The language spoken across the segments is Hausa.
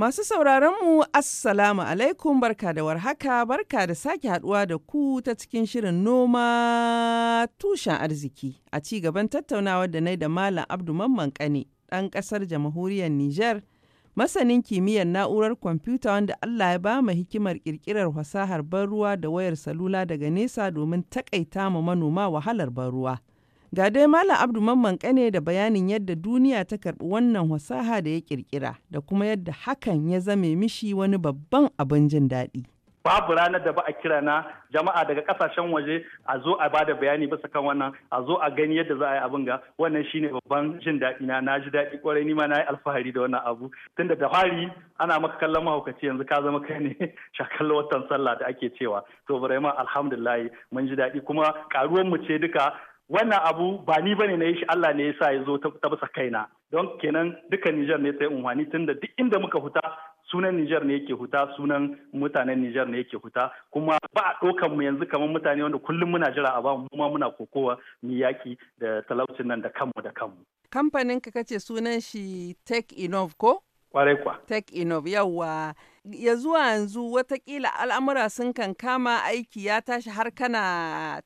Masu sauraronmu Assalamu alaikum barka da warhaka barka da sake haduwa da ku ta cikin shirin noma tushen arziki a ci gaban tattaunawar da nai da Malam Abdu Mamman Kane ɗan ƙasar jamhuriyar Nijar masanin kimiyyar na'urar kwamfuta wanda Allah ya ba mu hikimar ƙirƙirar fasahar ban ruwa da wayar salula daga nesa domin takaita ma manoma wahalar ban ruwa. Ga dai Malam Abdu Mamman Kane da bayanin yadda duniya ta karbi wannan fasaha da ya ƙirƙira da kuma yadda hakan ya zame mishi wani babban abin jin daɗi. babu ranar da ba a kira na jama'a daga kasashen waje a zo a bada bayani bisa kan wannan a zo a gani yadda za a yi abin ga wannan shine babban jin daɗi na na ji daɗi kwarai ni ma na yi alfahari da wannan abu tunda da fari ana maka kallon mahaukaci yanzu ka zama kai ne shakallo watan sallah da ake cewa to Ibrahim alhamdulillah mun ji daɗi kuma karuwan mu ce duka wannan abu ba ni bane na yi shi Allah ne yasa ya zo ta bisa kaina don kenan duka nijar ne sai unhwani da duk inda muka huta sunan nijar ne yake huta sunan mutanen nijar ne yake huta kuma ba a ɗaukan mu yanzu kamar mutane wanda kullum muna jira a ba mu ma muna kokowa mu yaki da talaucin nan da kanmu da kanmu kamfanin ka kace sunan shi Tech Innov ko kwarai kwa Tech Innov yawa ya zuwa yanzu watakila al'amura sun kan kama aiki ya tashi har kana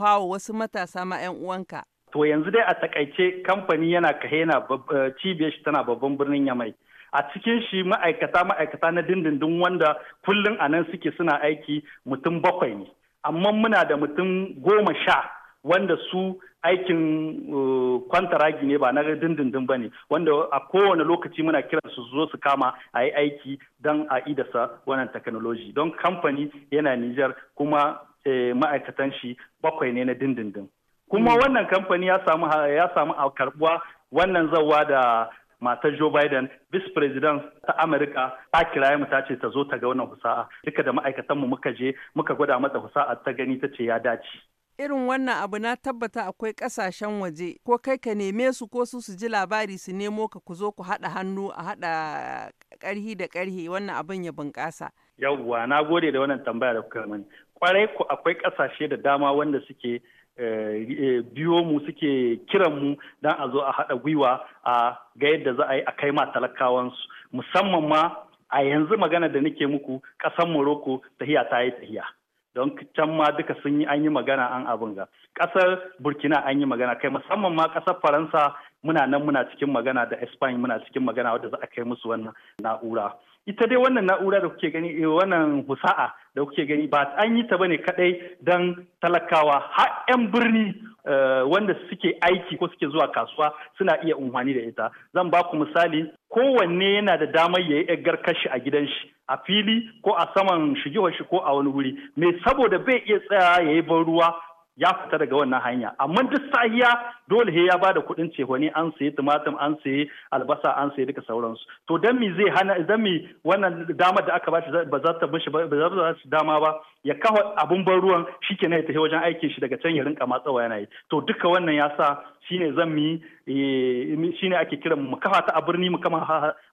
wa wasu matasa ma 'yan uwanka. To yanzu dai a takaice kamfani yana kahena eh, cibiyar shi tana babban birnin Yamai. a cikin shi ma'aikata ma'aikata na dindindin wanda kullum a nan suke suna aiki mutum bakwai ne amma muna da mutum goma sha wanda su aikin uh, kwantaragi ne ba na dindindin ba ne wanda a kowane lokaci muna kiran su zo su kama a yi aiki don a idasa wannan technology don kamfani yana Nijar kuma eh, ma'aikatan shi bakwai ne na dindindin kuma hmm. wannan kamfani ya samu a karbuwa wannan zawa da matar Joe Biden, Vice President ta Amurka, ta kiraye mu ta ce ta zo ta ga wannan husa'a. Duka da ma'aikatanmu muka je, muka gwada mata husa'a ta gani ta ce ya dace. irin wannan abu na tabbata akwai kasashen waje ko kai ka neme su ko su su ji labari su nemo ka ku zo ku haɗa hannu a haɗa ƙarhi da ƙarhi wannan abin ya bunƙasa. yawwa na gode da wannan tambaya da kuka mani kwarai ku akwai ƙasashe da dama wanda suke eh, eh, biyo mu suke kiran mu don a zo a haɗa gwiwa a ga yadda za a yi a kai ma talakawansu musamman ma a yanzu magana da nake muku ƙasar morocco tahiya ta yi tahiya don can ma duka sun yi an yi magana an abin ga ƙasar burkina an yi magana kai musamman ma ƙasar faransa muna nan muna cikin magana da Spain muna cikin magana wadda za a kai musu wannan na'ura ita dai wannan na'ura da kuke gani eh, wannan husa'a da kuke gani ba an yi ta bane kadai don talakawa har 'yan birni eh, wanda suke aiki ko suke zuwa kasuwa suna iya umfani da ita zan ba ku misali kowanne yana da damar ya yi kashi a gidan shi a fili ko a saman shigewar shi ko a wani wuri me saboda bai iya tsayawa ya yi ban ruwa ya fita daga wannan hanya amma duk sahiya dole he ya ba da kuɗin cehoni an sayi tumatir an sayi albasa an sayi duka sauransu to dan mi zai hana dan mi wannan damar da aka bashi ba za ta mishi ba za ta dama ba ya kawo abun ban ruwan shikenan ya tafi wajen aikin shi daga can ya rinka matsawa yana yi to duka wannan ya sa shine zan mi eh, shine ake kira mu kafa ta a birni mu kama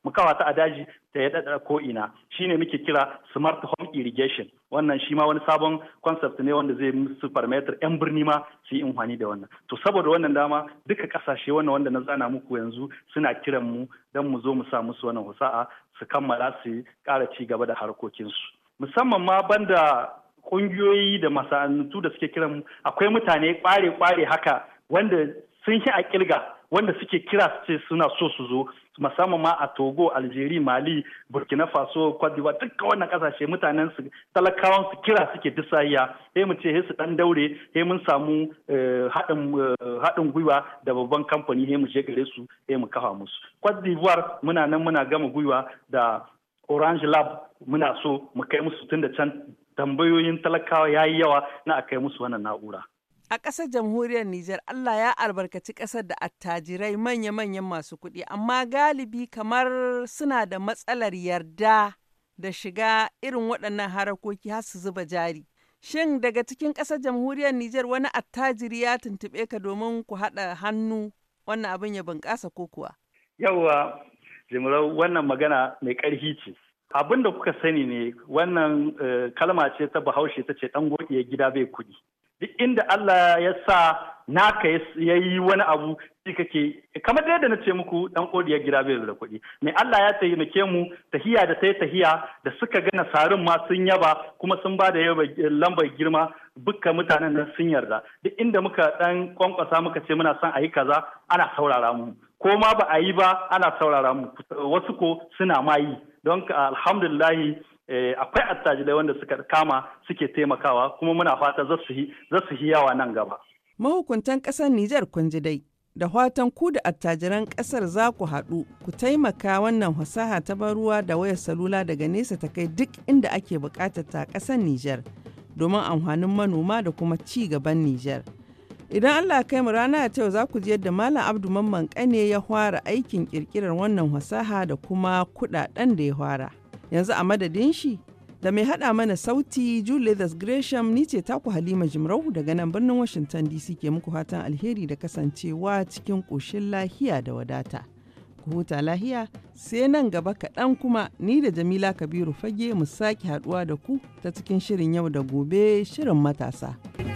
mu kafa ta a daji ta ya daɗa ko ina shine muke kira smart home irrigation wannan shi wani sabon concept ne wanda zai musu parameter yan birni ma su yi amfani da wannan to saboda wannan dama duka kasashe wannan wanda na zana muku yanzu suna kiran mu don mu zo mu sa musu wannan husa'a su kammala su kara ci gaba da harkokinsu musamman ma banda kungiyoyi da masana'antu da suke kiran mu akwai mutane kware-kware haka wanda sun shi a kirga wanda suke kira su ce suna so su zo musamman ma a togo algeria mali burkina faso kwadiwa duka wannan kasashe mutanen su talakawan su kira suke disayya he mu ce su dan daure he mun samu eh, eh, haɗin gwiwa da babban kamfani he mu je gare su he mu kafa musu kwadiwar muna nan muna gama gwiwa da orange lab muna so mu kai musu tun da can tambayoyin talakawa yayi yawa na a kai musu wannan na'ura A ƙasar jamhuriyar Nijar Allah ya albarkaci ƙasar da attajirai manya-manyan masu kuɗi, amma galibi kamar suna da matsalar yarda da shiga irin waɗannan harakoki har su zuba jari. Shin daga cikin ƙasar jamhuriyar Nijar wani attajiri ya tuntuɓe ka domin ku haɗa hannu wannan abin ya bunƙasa ko kuwa? Yawwa, Jimrau wannan magana mai ƙarfi ce. Abin da kuka sani ne wannan eh, kalma ce ta bahaushe ta ce ɗan godiya gida bai kuɗi. duk inda Allah ya sa naka ya yi wani abu shi kake kamar yadda na ce muku dan kodiyar gida bai da kuɗi mai Allah ya taimake mu tahiya da sai tahiya da suka gana sarin ma sun yaba kuma sun ba da lambar girma bukka mutanen nan sun yarda duk inda muka dan kwankwasa muka ce muna son a yi kaza ana saurara mu ko ma ba a yi ba ana saurara mu wasu ko suna mayi yi don alhamdulillahi Eh, akwai attajirai wanda suka kama suke taimakawa kuma muna fata za su yi yawa nan gaba. Mahukuntan ƙasar Nijar kun ji dai, da fatan ku da attajiran ƙasar za ku haɗu, ku taimaka wannan fasaha ta bar ruwa da wayar salula daga nesa ta kai duk inda ake buƙatar ta ƙasar Nijar, domin amfanin manoma da kuma ci gaban Nijar. Idan Allah kai mu rana ta yau za ku ji yadda Malam Abdu Mamman Kane ya fara aikin ƙirƙirar wannan fasaha da kuma kuɗaɗen da ya fara. yanzu a madadin shi da mai hada mana sauti Julius Gresham ni ce taku Halima jimrahu daga nan birnin Washington DC ke muku fatan alheri da kasancewa cikin ƙoshin lahiya da wadata. Ku huta lahiya sai nan gaba kaɗan kuma ni da Jamila Kabiru Fage mu sake haɗuwa da ku ta cikin shirin yau da gobe shirin matasa.